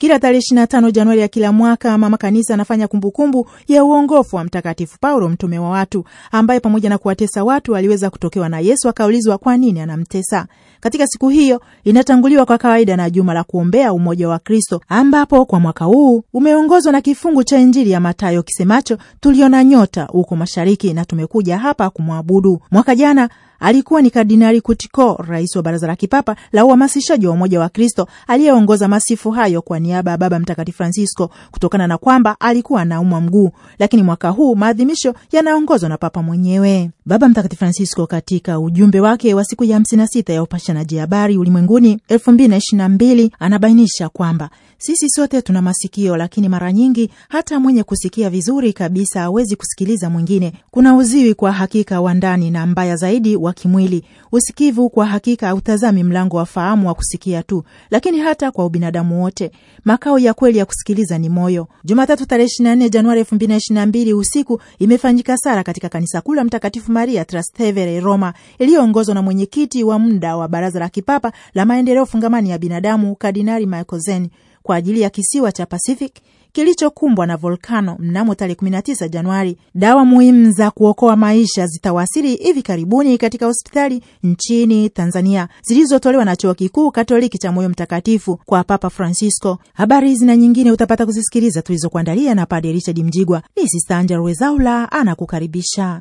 Kila tarehe ishirini na tano Januari ya kila mwaka mama kanisa anafanya kumbukumbu ya uongofu wa Mtakatifu Paulo mtume wa watu, ambaye pamoja na kuwatesa watu aliweza kutokewa na Yesu akaulizwa kwa nini anamtesa. Katika siku hiyo inatanguliwa kwa kawaida na juma la kuombea umoja wa Kristo, ambapo kwa mwaka huu umeongozwa na kifungu cha Injili ya Mathayo kisemacho, tuliona nyota huko mashariki na tumekuja hapa kumwabudu. Mwaka jana Alikuwa ni Kardinali Kutiko, rais wa Baraza la Kipapa la Uhamasishaji wa Umoja wa Kristo, aliyeongoza masifu hayo kwa niaba ya Baba Mtakatifu Francisco kutokana na kwamba alikuwa anaumwa mguu, lakini mwaka huu maadhimisho yanaongozwa na Papa mwenyewe. Baba Mtakatifu Francisco katika ujumbe wake wa siku ya 56 ya upashanaji habari ulimwenguni 2022 anabainisha kwamba sisi sote tuna masikio, lakini mara nyingi hata mwenye kusikia vizuri kabisa hawezi kusikiliza mwingine. Kuna uziwi kwa hakika wa ndani na mbaya zaidi wa kimwili. Usikivu kwa hakika hautazami mlango wa fahamu wa kusikia tu, lakini hata kwa ubinadamu wote. Makao ya kweli ya kusikiliza ni moyo. Jumatatu tarehe 24 Januari 2022 usiku imefanyika sara katika kanisa kuu la Mtakatifu Maria Trastevere Roma, iliyoongozwa na mwenyekiti wa muda wa Baraza la Kipapa la Maendeleo Fungamani ya Binadamu Kardinali Michael Zen kwa ajili ya kisiwa cha Pacific kilichokumbwa na volkano mnamo tarehe 19 Januari. Dawa muhimu za kuokoa maisha zitawasili hivi karibuni katika hospitali nchini Tanzania zilizotolewa na Chuo Kikuu Katoliki cha Moyo Mtakatifu kwa Papa Francisco. Habari hizi na nyingine utapata kuzisikiliza tulizokuandalia na Padre Richard Mjigwa. Ni Sista Angela Wezaula anakukaribisha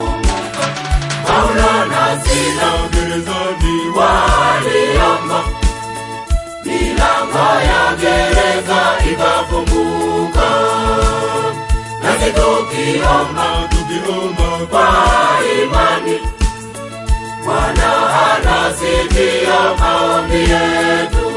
milango ya gereza ikafunguka nasi tukiomba tukiomba kwa imani bwana anasikia maombi yetu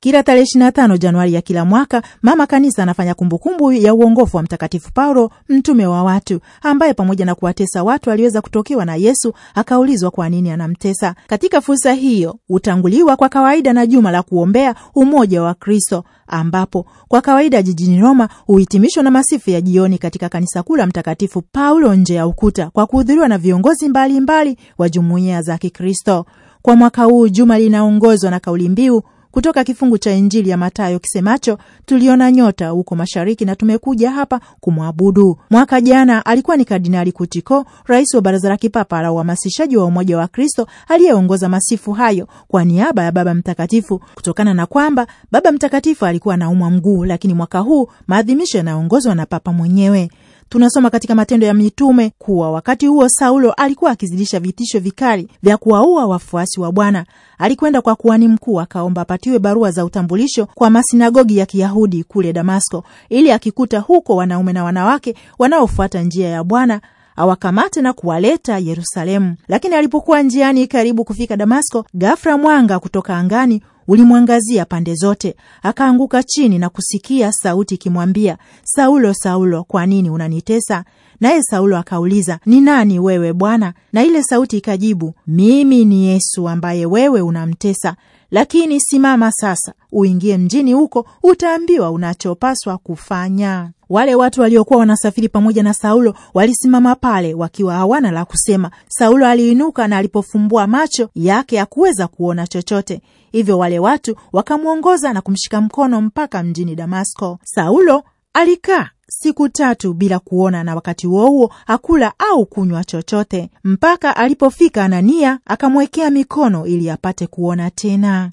kila tarehe 25 Januari ya kila mwaka mama kanisa anafanya kumbukumbu ya uongofu wa Mtakatifu Paulo mtume wa watu, ambaye pamoja na kuwatesa watu aliweza kutokewa na Yesu akaulizwa kwa nini anamtesa. Katika fursa hiyo hutanguliwa kwa kawaida na juma la kuombea umoja wa Kristo ambapo kwa kawaida jijini Roma huhitimishwa na masifu ya jioni katika kanisa kuu la Mtakatifu Paulo nje ya ukuta kwa kuhudhuriwa na viongozi mbalimbali mbali wa jumuiya za Kikristo. Kwa mwaka huu juma linaongozwa na kauli mbiu kutoka kifungu cha Injili ya matayo kisemacho, tuliona nyota huko mashariki na tumekuja hapa kumwabudu. Mwaka jana alikuwa ni Kardinali Kutiko, rais wa Baraza la Kipapa la Uhamasishaji wa Umoja wa Kristo, aliyeongoza masifu hayo kwa niaba ya Baba Mtakatifu, kutokana na kwamba Baba Mtakatifu alikuwa anaumwa mguu, lakini mwaka huu maadhimisho yanaongozwa na Papa mwenyewe tunasoma katika Matendo ya Mitume kuwa wakati huo Saulo alikuwa akizidisha vitisho vikali vya kuwaua wafuasi wa Bwana. Alikwenda kwa kuhani mkuu akaomba apatiwe barua za utambulisho kwa masinagogi ya Kiyahudi kule Damasko, ili akikuta huko wanaume na wanawake wanaofuata njia ya Bwana awakamate na kuwaleta Yerusalemu. Lakini alipokuwa njiani karibu kufika Damasko, ghafla mwanga kutoka angani ulimwangazia pande zote. Akaanguka chini na kusikia sauti ikimwambia, Saulo, Saulo, kwa nini unanitesa? Naye Saulo akauliza, ni nani wewe Bwana? Na ile sauti ikajibu, mimi ni Yesu ambaye wewe unamtesa lakini simama sasa, uingie mjini huko, utaambiwa unachopaswa kufanya. Wale watu waliokuwa wanasafiri pamoja na Saulo walisimama pale wakiwa hawana la kusema. Saulo aliinuka na alipofumbua macho yake hakuweza kuona chochote. Hivyo wale watu wakamwongoza na kumshika mkono mpaka mjini Damasko. Saulo alikaa siku tatu bila kuona, na wakati huo huo hakula au kunywa chochote mpaka alipofika Anania akamwekea mikono ili apate kuona tena.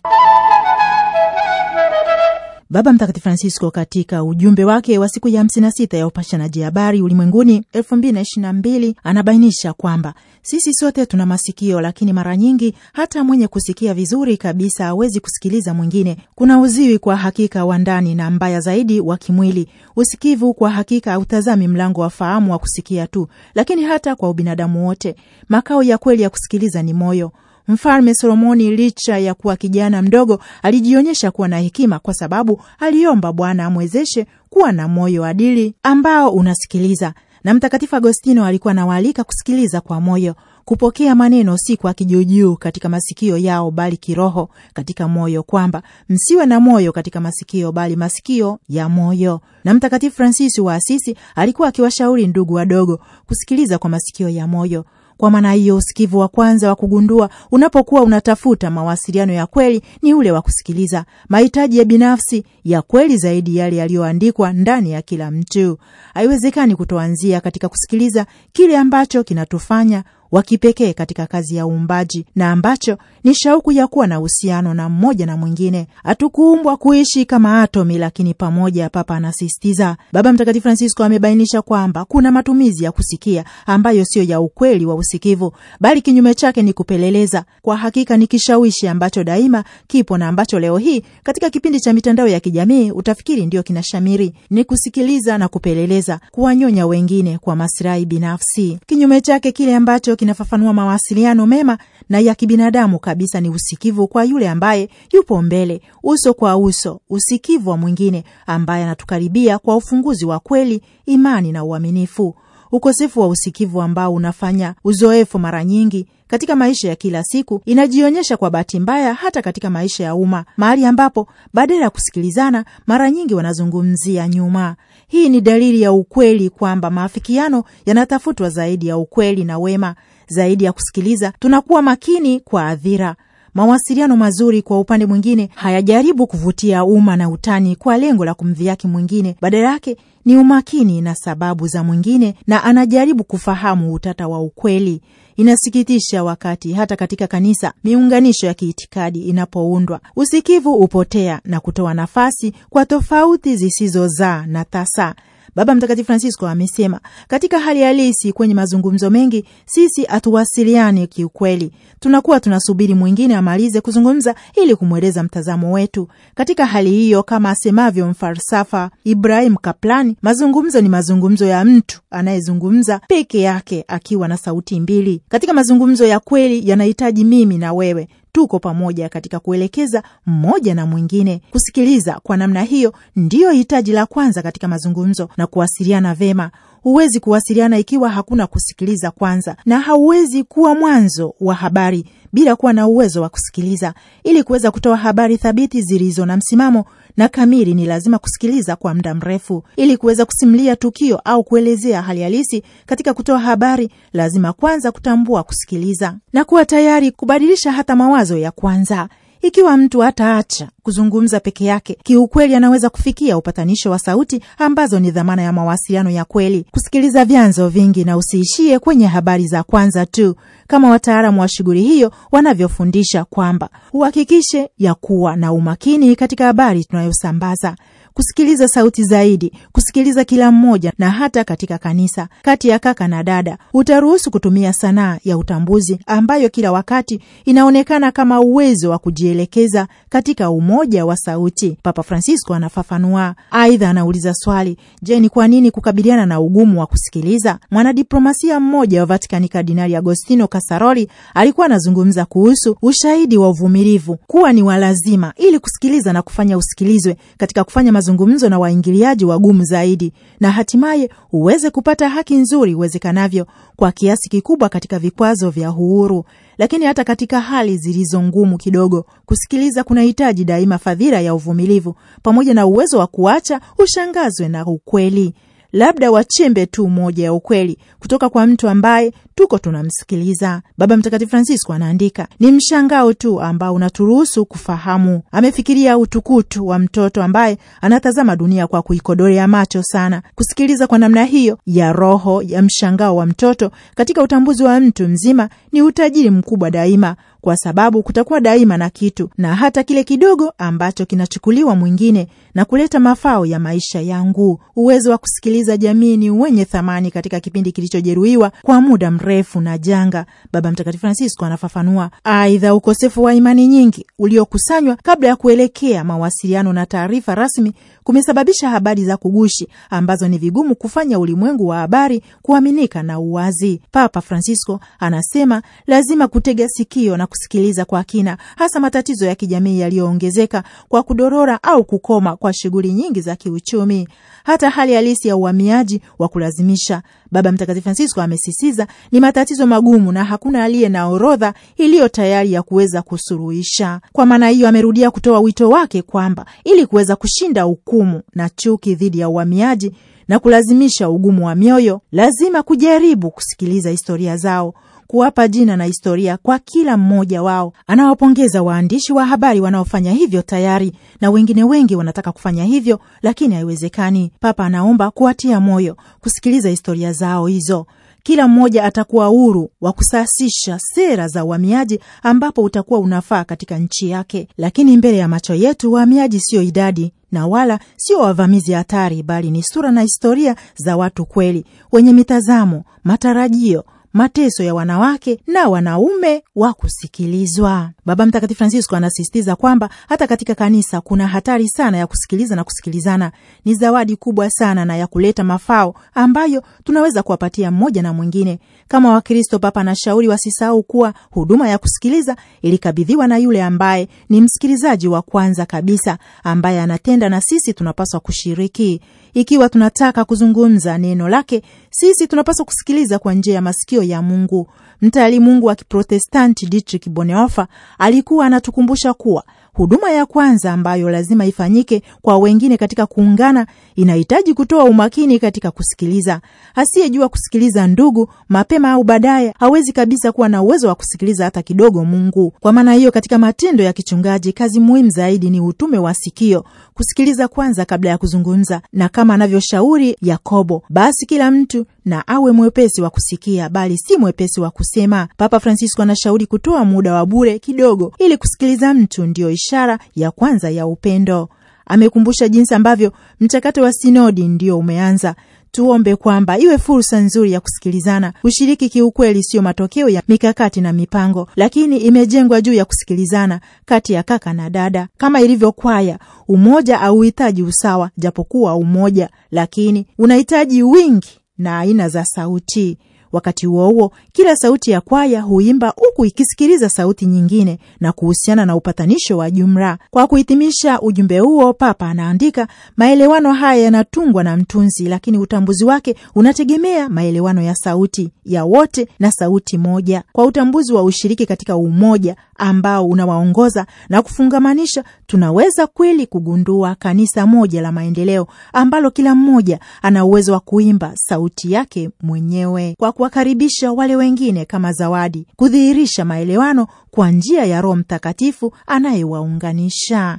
Baba Mtakatifu Francisco katika ujumbe wake wa siku ya 56 ya upashanaji habari ulimwenguni 2022 anabainisha kwamba sisi sote tuna masikio, lakini mara nyingi hata mwenye kusikia vizuri kabisa hawezi kusikiliza mwingine. Kuna uziwi kwa hakika wa ndani na mbaya zaidi wa kimwili. Usikivu kwa hakika hautazami mlango wa fahamu wa kusikia tu, lakini hata kwa ubinadamu wote, makao ya kweli ya kusikiliza ni moyo. Mfalme Solomoni, licha ya kuwa kijana mdogo, alijionyesha kuwa na hekima, kwa sababu aliomba Bwana amwezeshe kuwa na moyo adili ambao unasikiliza, na Mtakatifu Agostino alikuwa anawaalika kusikiliza kwa moyo kupokea maneno si kwa kijuujuu katika masikio yao, bali kiroho katika moyo, kwamba msiwe na moyo katika masikio, bali masikio ya moyo. Na Mtakatifu Fransisi wa Asisi alikuwa akiwashauri ndugu wadogo kusikiliza kwa masikio ya moyo. Kwa maana hiyo, usikivu wa kwanza wa kugundua unapokuwa unatafuta mawasiliano ya kweli ni ule wa kusikiliza mahitaji ya binafsi ya kweli zaidi, yale yaliyoandikwa ndani ya kila mtu. Haiwezekani kutoanzia katika kusikiliza kile ambacho kinatufanya wa kipekee katika kazi ya uumbaji na ambacho ni shauku ya kuwa na uhusiano na mmoja na mwingine. Hatukuumbwa kuishi kama atomi, lakini pamoja. Papa anasisitiza. Baba Mtakatifu Francisco amebainisha kwamba kuna matumizi ya kusikia ambayo siyo ya ukweli wa usikivu, bali kinyume chake ni kupeleleza. Kwa hakika ni kishawishi ambacho daima kipo na ambacho leo hii katika kipindi cha mitandao ya kijamii utafikiri ndio kinashamiri, ni kusikiliza na kupeleleza, kuwanyonya wengine kwa masilahi binafsi, kinyume chake kile ambacho kinafafanua mawasiliano mema na ya kibinadamu kabisa ni usikivu kwa yule ambaye yupo mbele, uso kwa uso, usikivu wa mwingine ambaye anatukaribia kwa ufunguzi wa kweli, imani na uaminifu. Ukosefu wa usikivu ambao unafanya uzoefu mara nyingi katika maisha ya kila siku inajionyesha kwa bahati mbaya hata katika maisha ya umma, mahali ambapo badala ya kusikilizana mara nyingi wanazungumzia nyuma. Hii ni dalili ya ukweli kwamba maafikiano yanatafutwa zaidi ya ukweli na wema, zaidi ya kusikiliza, tunakuwa makini kwa adhira Mawasiliano mazuri kwa upande mwingine hayajaribu kuvutia umma na utani kwa lengo la kumdhihaki mwingine, badala yake ni umakini na sababu za mwingine, na anajaribu kufahamu utata wa ukweli. Inasikitisha wakati hata katika kanisa miunganisho ya kiitikadi inapoundwa, usikivu hupotea na kutoa nafasi kwa tofauti zisizozaa na tasa Baba Mtakatifu Francisco amesema katika hali halisi, kwenye mazungumzo mengi sisi hatuwasiliani kiukweli, tunakuwa tunasubiri mwingine amalize kuzungumza ili kumweleza mtazamo wetu. Katika hali hiyo, kama asemavyo mfalsafa Ibrahim kaplani mazungumzo ni mazungumzo ya mtu anayezungumza peke yake akiwa na sauti mbili. Katika mazungumzo ya kweli, yanahitaji mimi na wewe tuko pamoja katika kuelekeza mmoja na mwingine. Kusikiliza kwa namna hiyo ndiyo hitaji la kwanza katika mazungumzo na kuwasiliana vema. Huwezi kuwasiliana ikiwa hakuna kusikiliza kwanza, na hauwezi kuwa mwanzo wa habari bila kuwa na uwezo wa kusikiliza. Ili kuweza kutoa habari thabiti zilizo na msimamo na kamili, ni lazima kusikiliza kwa muda mrefu ili kuweza kusimulia tukio au kuelezea hali halisi. Katika kutoa habari, lazima kwanza kutambua kusikiliza na kuwa tayari kubadilisha hata mawazo ya kwanza ikiwa mtu hataacha kuzungumza peke yake, kiukweli anaweza kufikia upatanisho wa sauti ambazo ni dhamana ya mawasiliano ya kweli. Kusikiliza vyanzo vingi na usiishie kwenye habari za kwanza tu, kama wataalamu wa shughuli hiyo wanavyofundisha kwamba uhakikishe ya kuwa na umakini katika habari tunayosambaza kusikiliza sauti zaidi, kusikiliza kila mmoja, na hata katika kanisa, kati ya kaka na dada, utaruhusu kutumia sanaa ya utambuzi ambayo kila wakati inaonekana kama uwezo wa kujielekeza katika umoja wa sauti, Papa Francisco anafafanua. Aidha anauliza swali, je, ni kwa nini kukabiliana na ugumu wa kusikiliza? Mwanadiplomasia mmoja wa Vatikani, Kardinali Agostino Kasaroli, alikuwa anazungumza kuhusu ushahidi wa uvumilivu kuwa ni wa lazima ili kusikiliza na kufanya usikilizwe katika kufanya mazungumzo na waingiliaji wagumu zaidi, na hatimaye uweze kupata haki nzuri iwezekanavyo kwa kiasi kikubwa katika vikwazo vya uhuru. Lakini hata katika hali zilizo ngumu kidogo, kusikiliza kunahitaji daima fadhila ya uvumilivu pamoja na uwezo wa kuacha ushangazwe na ukweli labda wachimbe tu moja ya ukweli kutoka kwa mtu ambaye tuko tunamsikiliza. Baba Mtakatifu Francisco anaandika, ni mshangao tu ambao unaturuhusu kufahamu. Amefikiria utukutu wa mtoto ambaye anatazama dunia kwa kuikodorea macho sana, kusikiliza kwa namna hiyo ya roho ya mshangao wa mtoto katika utambuzi wa mtu mzima ni utajiri mkubwa daima kwa sababu kutakuwa daima na kitu na hata kile kidogo ambacho kinachukuliwa mwingine na kuleta mafao ya maisha yangu. Uwezo wa kusikiliza jamii ni wenye thamani katika kipindi kilichojeruhiwa kwa muda mrefu na janga, Baba Mtakatifu Francisco anafafanua. Aidha, ukosefu wa imani nyingi uliokusanywa kabla ya kuelekea mawasiliano na taarifa rasmi kumesababisha habari za kugushi ambazo ni vigumu kufanya ulimwengu wa habari kuaminika na uwazi. Papa Francisco anasema lazima kutega sikio na kusikiliza kwa kina, hasa matatizo ya kijamii yaliyoongezeka kwa kudorora au kukoma kwa shughuli nyingi za kiuchumi, hata hali halisi ya uhamiaji wa kulazimisha. Baba Mtakatifu Francisco amesisitiza ni matatizo magumu na hakuna aliye na orodha iliyo tayari ya kuweza kusuluhisha. Kwa maana hiyo, amerudia kutoa wito wake kwamba ili kuweza kushinda hukumu na chuki dhidi ya uhamiaji na kulazimisha ugumu wa mioyo, lazima kujaribu kusikiliza historia zao kuwapa jina na historia kwa kila mmoja wao. Anawapongeza waandishi wa habari wanaofanya hivyo tayari, na wengine wengi wanataka kufanya hivyo, lakini haiwezekani. Papa anaomba kuwatia moyo kusikiliza historia zao hizo. Kila mmoja atakuwa huru wa kusasisha sera za uhamiaji ambapo utakuwa unafaa katika nchi yake, lakini mbele ya macho yetu wahamiaji sio idadi na wala sio wavamizi hatari, bali ni sura na historia za watu kweli wenye mitazamo, matarajio mateso ya wanawake na wanaume wa kusikilizwa. Baba Mtakatifu Francisco anasisitiza kwamba hata katika kanisa kuna hatari sana ya kusikiliza na kusikilizana. Ni zawadi kubwa sana na ya kuleta mafao ambayo tunaweza kuwapatia mmoja na mwingine. Kama Wakristo, Papa anashauri wasisahau kuwa huduma ya kusikiliza ilikabidhiwa na yule ambaye ni msikilizaji wa kwanza kabisa, ambaye anatenda, na sisi tunapaswa kushiriki. Ikiwa tunataka kuzungumza neno lake, sisi tunapaswa kusikiliza kwa njia ya masikio ya Mungu. mtali Mungu wa Kiprotestanti Dietrich Bonhoeffer alikuwa anatukumbusha kuwa huduma ya kwanza ambayo lazima ifanyike kwa wengine katika kuungana inahitaji kutoa umakini katika kusikiliza. Asiyejua kusikiliza ndugu mapema au baadaye hawezi kabisa kuwa na uwezo wa kusikiliza hata kidogo Mungu. Kwa maana hiyo, katika matendo ya kichungaji, kazi muhimu zaidi ni utume wa sikio kusikiliza kwanza kabla ya kuzungumza, na kama anavyoshauri Yakobo, basi kila mtu na awe mwepesi wa kusikia, bali si mwepesi wa kusema. Papa Francisco anashauri kutoa muda wa bure kidogo, ili kusikiliza mtu ndiyo ishara ya kwanza ya upendo. Amekumbusha jinsi ambavyo mchakato wa sinodi ndio umeanza tuombe kwamba iwe fursa nzuri ya kusikilizana. Ushiriki kiukweli siyo matokeo ya mikakati na mipango, lakini imejengwa juu ya kusikilizana kati ya kaka na dada. Kama ilivyo kwaya, umoja hauhitaji usawa, japokuwa umoja, lakini unahitaji wingi na aina za sauti. Wakati huo huo, kila sauti ya kwaya huimba huku ikisikiliza sauti nyingine na kuhusiana na upatanisho wa jumla. Kwa kuhitimisha ujumbe huo, Papa anaandika, maelewano haya yanatungwa na mtunzi, lakini utambuzi wake unategemea maelewano ya sauti ya wote na sauti moja. Kwa utambuzi wa ushiriki katika umoja ambao unawaongoza na kufungamanisha, tunaweza kweli kugundua kanisa moja la maendeleo ambalo kila mmoja ana uwezo wa kuimba sauti yake mwenyewe kwa kuwakaribisha wale wengine kama zawadi, kudhihirisha maelewano kwa njia ya Roho Mtakatifu anayewaunganisha.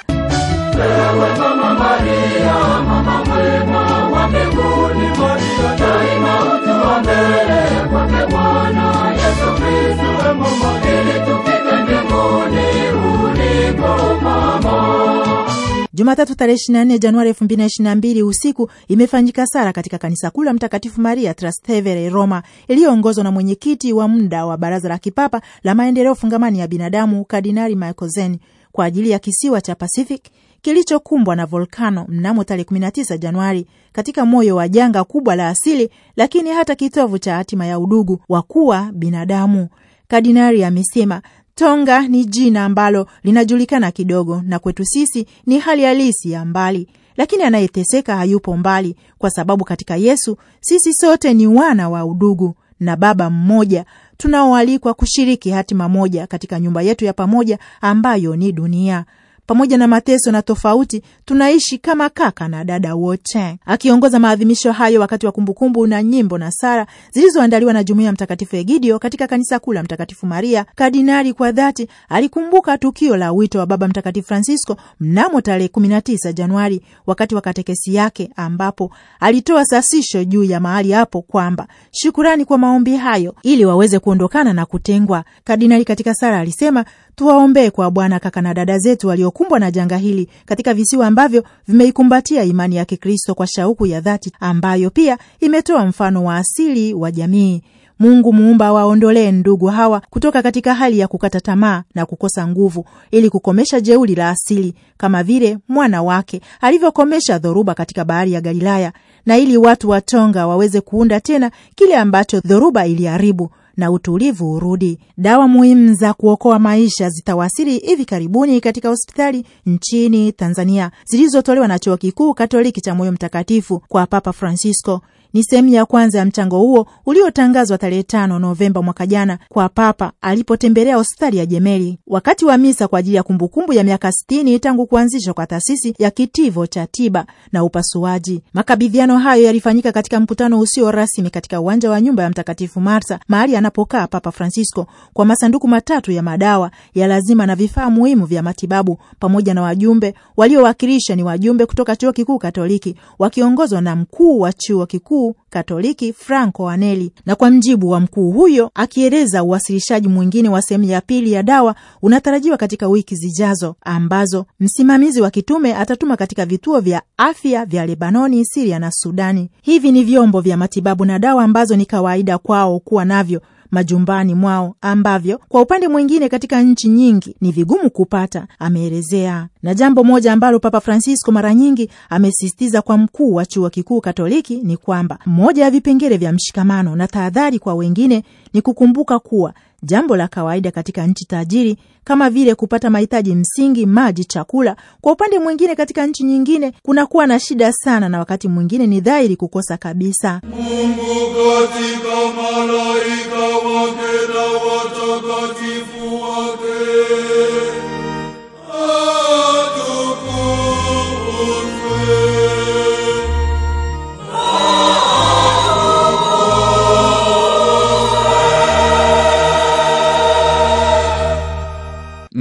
Jumatatu tarehe 24 Januari 2022 usiku imefanyika sara katika kanisa kuu la Mtakatifu Maria Trastevere Roma, iliyoongozwa na mwenyekiti wa muda wa Baraza la Kipapa la Maendeleo Fungamani ya Binadamu, Kardinali Michael Zen, kwa ajili ya kisiwa cha Pacific kilichokumbwa na volkano mnamo tarehe 19 Januari, katika moyo wa janga kubwa la asili, lakini hata kitovu cha hatima ya udugu wa kuwa binadamu. Kardinari amesema Tonga ni jina ambalo linajulikana kidogo, na kwetu sisi ni hali halisi ya mbali, lakini anayeteseka hayupo mbali, kwa sababu katika Yesu sisi sote ni wana wa udugu na Baba mmoja tunaoalikwa kushiriki hatima moja katika nyumba yetu ya pamoja ambayo ni dunia pamoja na mateso na tofauti, tunaishi kama kaka na dada wote. Akiongoza maadhimisho hayo wakati wa kumbukumbu na nyimbo na sara zilizoandaliwa na jumuiya Mtakatifu Egidio katika kanisa kuu la Mtakatifu Maria, kardinali kwa dhati alikumbuka tukio la wito wa Baba Mtakatifu Francisco mnamo tarehe 19 Januari wakati wa katekesi yake, ambapo alitoa sasisho juu ya mahali hapo kwamba shukurani kwa maombi hayo ili waweze kuondokana na kutengwa. Kardinali katika sara alisema Tuwaombee kwa Bwana kaka na dada zetu waliokumbwa na janga hili katika visiwa ambavyo vimeikumbatia imani ya Kikristo kwa shauku ya dhati ambayo pia imetoa mfano wa asili wa jamii. Mungu muumba waondolee ndugu hawa kutoka katika hali ya kukata tamaa na kukosa nguvu, ili kukomesha jeuri la asili, kama vile mwana wake alivyokomesha dhoruba katika bahari ya Galilaya, na ili watu wa Tonga waweze kuunda tena kile ambacho dhoruba iliharibu na utulivu urudi. Dawa muhimu za kuokoa maisha zitawasili hivi karibuni katika hospitali nchini Tanzania zilizotolewa na Chuo Kikuu Katoliki cha Moyo Mtakatifu kwa Papa Francisco ni sehemu ya kwanza ya mchango huo uliotangazwa tarehe tano Novemba mwaka jana kwa Papa alipotembelea hospitali ya Jemeli wakati wa misa kwa ajili ya kumbukumbu ya miaka sitini tangu kuanzishwa kwa taasisi ya kitivo cha tiba na upasuaji. Makabidhiano hayo yalifanyika katika mkutano usio rasmi katika uwanja wa nyumba ya Mtakatifu Marta, mahali anapokaa Papa Francisco, kwa masanduku matatu ya madawa ya lazima na vifaa muhimu vya matibabu pamoja na wajumbe waliowakilisha ni wajumbe kutoka chuo kikuu Katoliki wakiongozwa na mkuu wa chuo kikuu Mkuu Katoliki Franco aneli na kwa mjibu wa mkuu huyo, akieleza uwasilishaji mwingine wa sehemu ya pili ya dawa unatarajiwa katika wiki zijazo, ambazo msimamizi wa kitume atatuma katika vituo vya afya vya Lebanoni, Siria na Sudani. Hivi ni vyombo vya matibabu na dawa ambazo ni kawaida kwao kuwa navyo majumbani mwao ambavyo kwa upande mwingine katika nchi nyingi ni vigumu kupata, ameelezea. Na jambo moja ambalo Papa Francisco mara nyingi amesisitiza kwa mkuu wa chuo kikuu Katoliki ni kwamba moja ya vipengele vya mshikamano na tahadhari kwa wengine ni kukumbuka kuwa jambo la kawaida katika nchi tajiri kama vile kupata mahitaji msingi, maji, chakula. Kwa upande mwingine, katika nchi nyingine kunakuwa na shida sana, na wakati mwingine ni dhahiri kukosa kabisa. Mungu katika malaika wake na watakatifu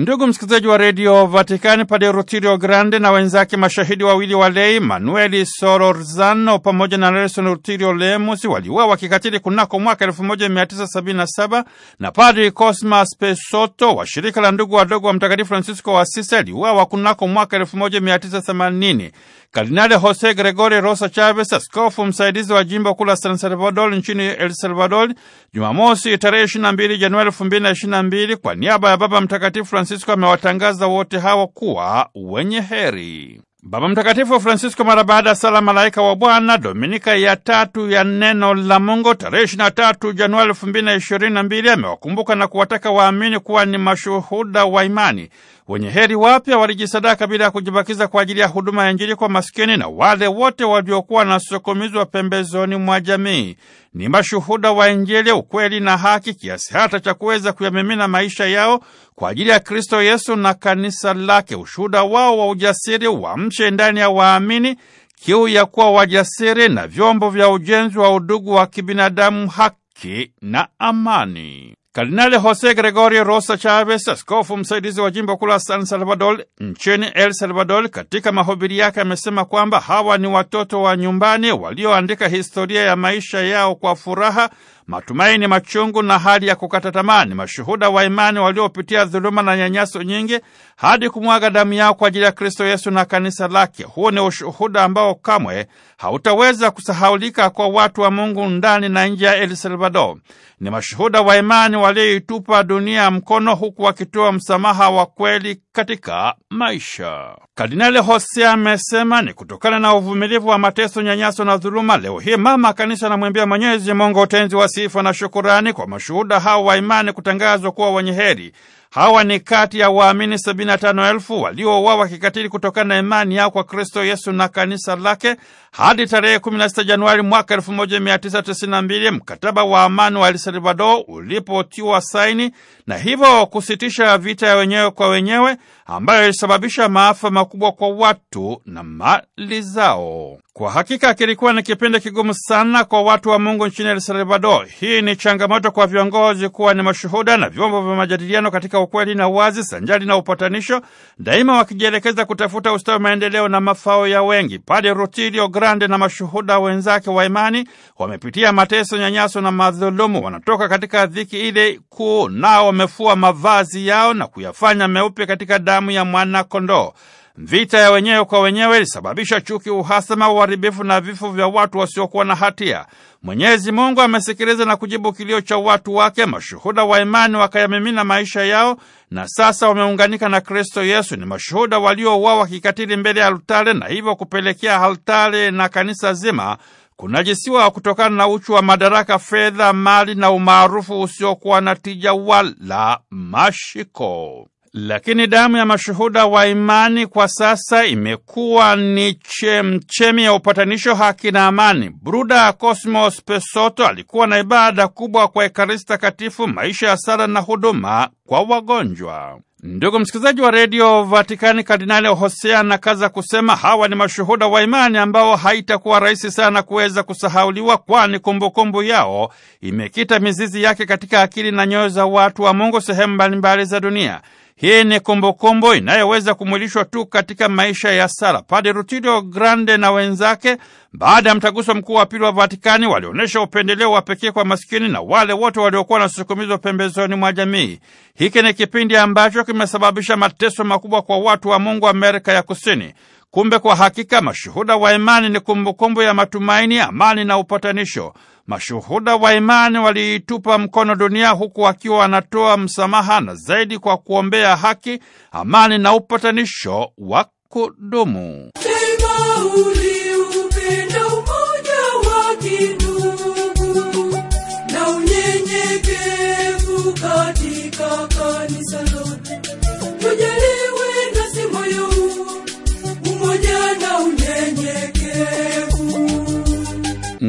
Ndugu msikilizaji wa redio Vatikani, pade Rutirio Grande na wenzake mashahidi wawili wa lei Manueli Solorzano pamoja na Nelson Rutirio Lemus waliuawa kikatili kunako mwaka 1977 na Padri Cosmas Pesoto wa shirika la ndugu wadogo wa Mtakatifu Francisco wa Asisi aliuawa kunako mwaka 1980. Kardinali Jose Gregori Rosa Chavez, askofu msaidizi wa jimbo kuu la San Salvador nchini El Salvador, Jumamosi tarehe 22 Januari 2022, kwa niaba ya Baba Mtakatifu Francisco amewatangaza wote hawa kuwa wenye heri. Baba Mtakatifu Francisco mara baada ya sala Malaika wa Bwana, dominika ya tatu ya neno la Mungu, tarehe 23 Januari 2022, amewakumbuka na kuwataka waamini kuwa ni mashuhuda wa imani Wenye heri wapya walijisadaka bila ya kujibakiza kwa ajili ya huduma ya Injili kwa maskini na wale wote waliokuwa sokomizwa pembezoni mwa jamii. Ni mashuhuda wa Injili, ukweli na haki, kiasi hata cha kuweza kuyamimina maisha yao kwa ajili ya Kristo Yesu na kanisa lake. Ushuhuda wao wa ujasiri wamche ndani ya waamini kiu ya kuwa wajasiri na vyombo vya ujenzi wa udugu wa kibinadamu, haki na amani. Kardinali Jose Gregorio Rosa Chavez, askofu msaidizi wa jimbo kuu la San Salvador nchini El Salvador, katika mahubiri yake amesema kwamba hawa ni watoto wa nyumbani walioandika historia ya maisha yao kwa furaha matumaini machungu na hali ya kukata tamani, Ni mashuhuda wa imani waliopitia dhuluma na nyanyaso nyingi hadi kumwaga damu yao kwa ajili ya Kristo Yesu na kanisa lake. Huu ni ushuhuda ambao kamwe hautaweza kusahaulika kwa watu wa Mungu ndani na nje ya El Salvador. Ni mashuhuda wa imani walioitupa dunia mkono, huku wakitoa msamaha wa kweli katika maisha. Kardinali Hosea amesema ni kutokana na uvumilivu wa mateso, nyanyaso na dhuluma, leo hii mama kanisa anamwimbia Mwenyezi Mungu utenzi wa sifa na shukurani kwa mashuhuda hao wa imani kutangazwa kuwa wenye heri Hawa ni kati ya waamini 75,000 waliouawa kikatili kutokana na imani yao kwa Kristo Yesu na kanisa lake hadi tarehe 16 Januari mwaka 1992 mkataba wa amani wa El Salvador ulipotiwa saini na hivyo kusitisha vita ya wenyewe kwa wenyewe ambayo ilisababisha maafa makubwa kwa watu na mali zao. Kwa hakika kilikuwa ni kipindi kigumu sana kwa watu wa Mungu nchini El Salvador. Hii ni changamoto kwa viongozi kuwa ni mashuhuda na vyombo vya majadiliano katika ukweli na wazi sanjari na upatanisho, daima wakijielekeza kutafuta ustawi, maendeleo na mafao ya wengi. Padre Rutilio Grande na mashuhuda wenzake wa imani wamepitia mateso, nyanyaso na madhulumu. Wanatoka katika dhiki ile kuu, nao wamefua mavazi yao na kuyafanya meupe katika damu ya mwana kondoo. Vita ya wenyewe kwa wenyewe ilisababisha chuki, uhasama, uharibifu na vifo vya watu wasiokuwa na hatia. Mwenyezi Mungu amesikiliza na kujibu kilio cha watu wake. Mashuhuda wa imani wakayamimina maisha yao, na sasa wameunganika na Kristo Yesu. Ni mashuhuda waliouawa kikatili mbele ya altare, na hivyo kupelekea altare na kanisa zima kunajisiwa kutokana na uchu wa madaraka, fedha, mali na umaarufu usiokuwa na tija wala mashiko. Lakini damu ya mashuhuda wa imani kwa sasa imekuwa ni chemchemi ya upatanisho, haki na amani. Bruda Cosmos Pesoto alikuwa na ibada kubwa kwa Ekaristi Takatifu, maisha ya sala na huduma kwa wagonjwa. Ndugu msikilizaji wa redio Vatikani, Kardinali Hosea nakaza kusema hawa ni mashuhuda wa imani ambao haitakuwa rahisi sana kuweza kusahauliwa, kwani kumbukumbu yao imekita mizizi yake katika akili na nyoyo za watu wa Mungu sehemu mbalimbali za dunia. Hii ni kumbukumbu inayoweza kumwilishwa tu katika maisha ya sala. Padre Rutilio Grande na wenzake, baada ya mtaguso mkuu wa pili wa Vatikani, walionyesha upendeleo wa pekee kwa masikini na wale wote waliokuwa na sukumizwa pembezoni mwa jamii. Hiki ni kipindi ambacho kimesababisha mateso makubwa kwa watu wa Mungu Amerika ya Kusini. Kumbe kwa hakika mashuhuda wa imani ni kumbukumbu ya matumaini, amani na upatanisho. Mashuhuda wa imani waliitupa mkono dunia, huku wakiwa wanatoa msamaha na zaidi, kwa kuombea haki, amani na upatanisho wa kudumu.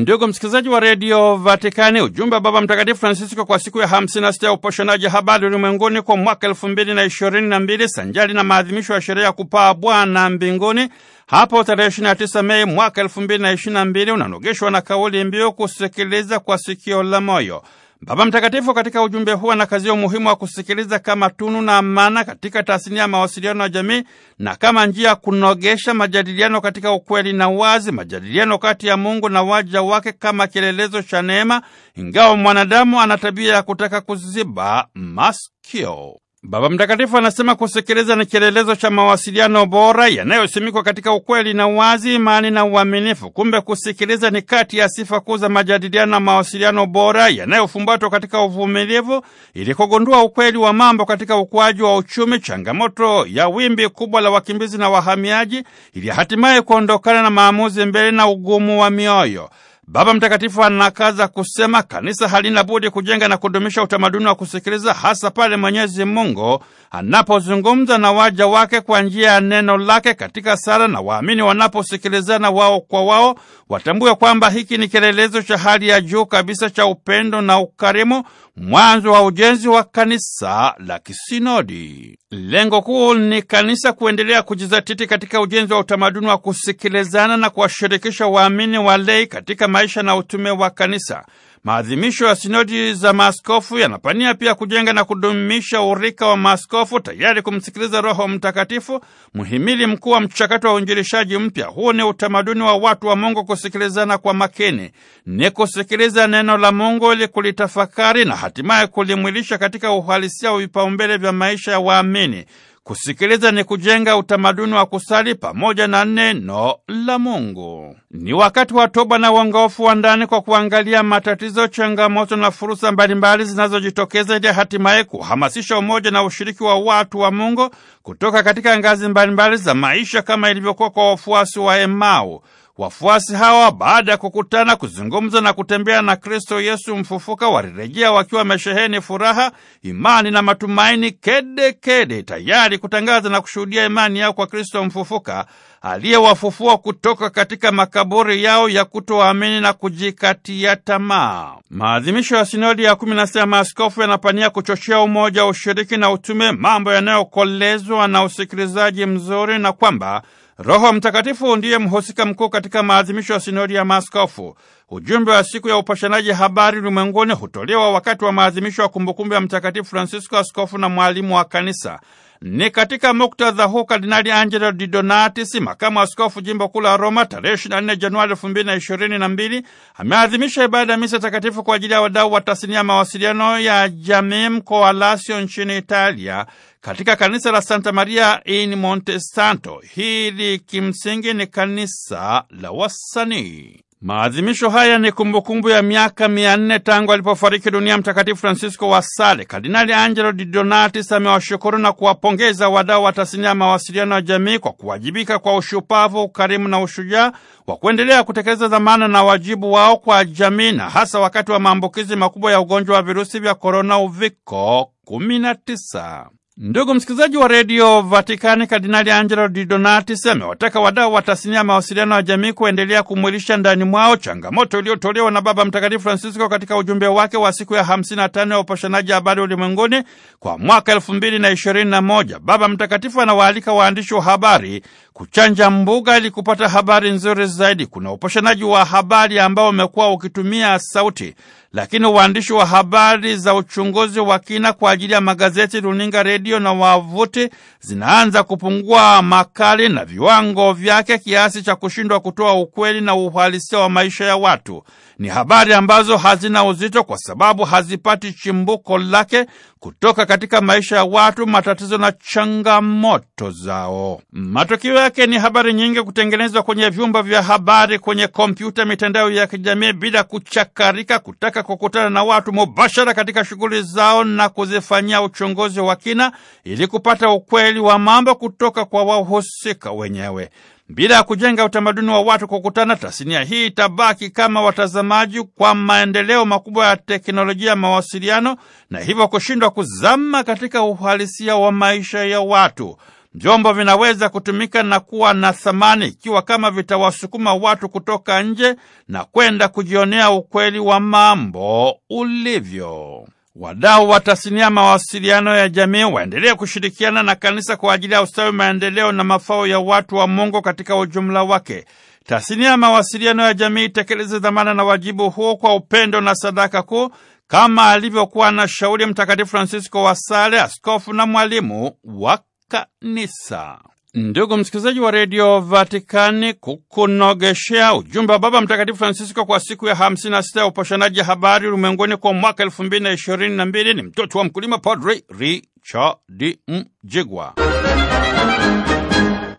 Ndugu msikilizaji wa redio Vatikani, ujumbe wa Baba Mtakatifu Francisco kwa siku ya 56 ya uposhanaji habari ulimwenguni kwa mwaka 2022 sanjali na maadhimisho ya sherehe ya kupaa Bwana mbinguni hapo tarehe 29 Mei mwaka 2022 unanogeshwa na kauli mbiu kusikiliza kwa sikio la moyo. Baba Mtakatifu katika ujumbe huu anakazia umuhimu wa kusikiliza kama tunu na amana katika tasnia ya mawasiliano ya jamii na kama njia ya kunogesha majadiliano katika ukweli na wazi majadiliano kati ya Mungu na waja wake kama kielelezo cha neema, ingawa mwanadamu ana tabia ya kutaka kuziba masikio. Baba Mtakatifu anasema kusikiliza ni kielelezo cha mawasiliano bora yanayosimikwa katika ukweli na wazi imani na uaminifu. Kumbe kusikiliza ni kati ya sifa kuu za majadiliano na mawasiliano bora yanayofumbatwa katika uvumilivu, ili kugundua ukweli wa mambo katika ukuaji wa uchumi, changamoto ya wimbi kubwa la wakimbizi na wahamiaji, ili hatimaye kuondokana na maamuzi mbele na ugumu wa mioyo. Baba Mtakatifu anakaza kusema kanisa halina budi kujenga na kudumisha utamaduni wa kusikiliza, hasa pale Mwenyezi Mungu anapozungumza na waja wake kwa njia ya neno lake katika sala, na waamini wanaposikilizana wao kwa wao watambue kwamba hiki ni kielelezo cha hali ya juu kabisa cha upendo na ukarimu mwanzo wa ujenzi wa kanisa la kisinodi. Lengo kuu ni kanisa kuendelea kujizatiti katika ujenzi wa utamaduni wa kusikilizana na kuwashirikisha waamini walei katika maisha na utume wa kanisa. Maadhimisho ya sinodi za maaskofu yanapania pia kujenga na kudumisha urika wa maaskofu tayari kumsikiliza Roho Mtakatifu, mhimili mkuu wa mchakato wa uinjilishaji mpya. Huu ni utamaduni wa watu wa Mungu kusikilizana kwa makini, ni kusikiliza neno la Mungu ili kulitafakari na hatimaye kulimwilisha katika uhalisia wa vipaumbele vya maisha ya waamini kusikiliza ni kujenga utamaduni wa kusali pamoja na neno la Mungu. Ni wakati wa toba na uongofu wa ndani kwa kuangalia matatizo, changamoto na fursa mbalimbali zinazojitokeza ili hatimaye kuhamasisha umoja na ushiriki wa watu wa Mungu kutoka katika ngazi mbalimbali za maisha kama ilivyokuwa kwa wafuasi wa Emau. Wafuasi hawa baada ya kukutana, kuzungumza na kutembea na Kristo Yesu mfufuka, walirejea wakiwa wamesheheni furaha, imani na matumaini kedekede kede, tayari kutangaza na kushuhudia imani yao kwa Kristo mfufuka aliyewafufua kutoka katika makaburi yao ya kutoamini na kujikatia tamaa. Maadhimisho ya Sinodi ya kumi na sita maaskofu yanapania kuchochea umoja, ushiriki na utume, mambo yanayokolezwa na usikilizaji mzuri na kwamba Roho Mtakatifu ndiye mhusika mkuu katika maadhimisho ya sinodi ya maaskofu. Ujumbe wa siku ya upashanaji habari ulimwenguni hutolewa wakati wa maadhimisho ya kumbukumbu ya Mtakatifu Francisco, askofu na mwalimu wa Kanisa. Ni katika muktadha huu Kardinali Angelo Di Donatis, makamu askofu jimbo kuu la Roma, tarehe 24 Januari 2022 ameadhimisha ibada ya misa takatifu kwa ajili ya wadau wa tasnia ya mawasiliano ya jamii mkoa Lazio nchini Italia, katika kanisa la Santa Maria in Monte Santo. Hili kimsingi ni kanisa la wasanii. Maadhimisho haya ni kumbukumbu kumbu ya miaka mia nne tangu alipofariki dunia Mtakatifu Francisco wa Sale. Kardinali Angelo Di Donatis amewashukuru na kuwapongeza wadau wa tasnia ya mawasiliano ya jamii kwa kuwajibika kwa ushupavu, ukarimu na ushujaa wa kuendelea kutekeleza dhamana na wajibu wao kwa jamii, na hasa wakati wa maambukizi makubwa ya ugonjwa wa virusi vya korona, uviko 19. Ndugu msikilizaji wa redio Vatikani, Kardinali Angelo Di Donatis amewataka wadau wa tasnia ya mawasiliano ya jamii kuendelea kumwilisha ndani mwao changamoto iliyotolewa na Baba Mtakatifu Francisco katika ujumbe wake wa siku ya 55 ya upashanaji habari ulimwenguni kwa mwaka 2021. Baba Mtakatifu anawaalika waandishi wa habari kuchanja mbuga ili kupata habari nzuri zaidi. Kuna upashanaji wa habari ambao umekuwa ukitumia sauti lakini uandishi wa habari za uchunguzi wa kina kwa ajili ya magazeti, runinga, redio na wavuti zinaanza kupungua makali na viwango vyake kiasi cha kushindwa kutoa ukweli na uhalisia wa maisha ya watu. Ni habari ambazo hazina uzito kwa sababu hazipati chimbuko lake kutoka katika maisha ya watu, matatizo na changamoto zao. Matokeo yake ni habari nyingi kutengenezwa kwenye vyumba vya habari, kwenye kompyuta, mitandao ya kijamii, bila kuchakarika, kutaka kukutana na watu mubashara katika shughuli zao na kuzifanyia uchunguzi wa kina ili kupata ukweli wa mambo kutoka kwa wahusika wenyewe. Bila ya kujenga utamaduni wa watu kukutana, tasnia hii itabaki kama watazamaji kwa maendeleo makubwa ya teknolojia ya mawasiliano na hivyo kushindwa kuzama katika uhalisia wa maisha ya watu. Vyombo vinaweza kutumika na kuwa na thamani ikiwa kama vitawasukuma watu kutoka nje na kwenda kujionea ukweli wa mambo ulivyo. Wadau wa tasnia mawasiliano ya jamii waendelee kushirikiana na kanisa kwa ajili ya ustawi, maendeleo na mafao ya watu wa Mungu katika ujumla wake. Tasnia ya mawasiliano ya jamii itekeleze dhamana na wajibu huo kwa upendo na sadaka kuu kama alivyokuwa na shauri Mtakatifu Francisco wa Sale, askofu na mwalimu wa Kanisa. Ndugu msikilizaji wa redio Vatikani, kukunogeshea ujumbe wa Baba Mtakatifu Francisco kwa siku ya 56 ya upashanaji habari ulimwenguni kwa mwaka 2022 ni mtoto wa mkulima, Padri Richard Mjigwa.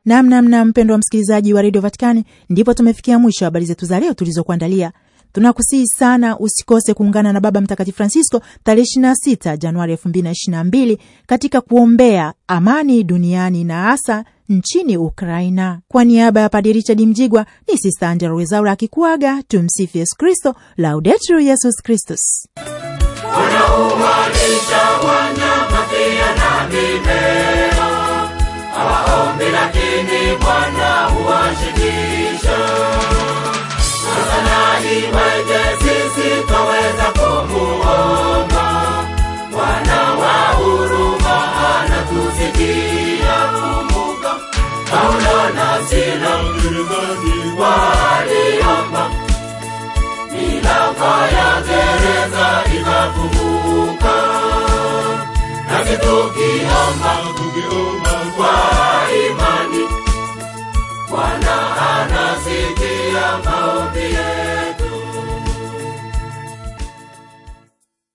Namnamna mpendwa wa msikilizaji wa redio Vatikani, ndipo tumefikia mwisho habari zetu za leo tulizokuandalia. Tunakusihi sana usikose kuungana na Baba Mtakatifu Francisco tarehe 26 Januari 2022 katika kuombea amani duniani na hasa nchini Ukraina. Kwa niaba ya Padre Richard Mjigwa ni Sista Angela Rwezaura akikuaga. Tumsifu Yesu Kristo, Laudetur Yesus Kristus. wanyama pia na mimea, lakini Bwana huwashika. iweje sisi twaweza mwana wa huruma anatusikia kumbuka paulo na sila waliomba ya gereza ikafunguka nasi tukiomba kwa imani bwana anasikia maombi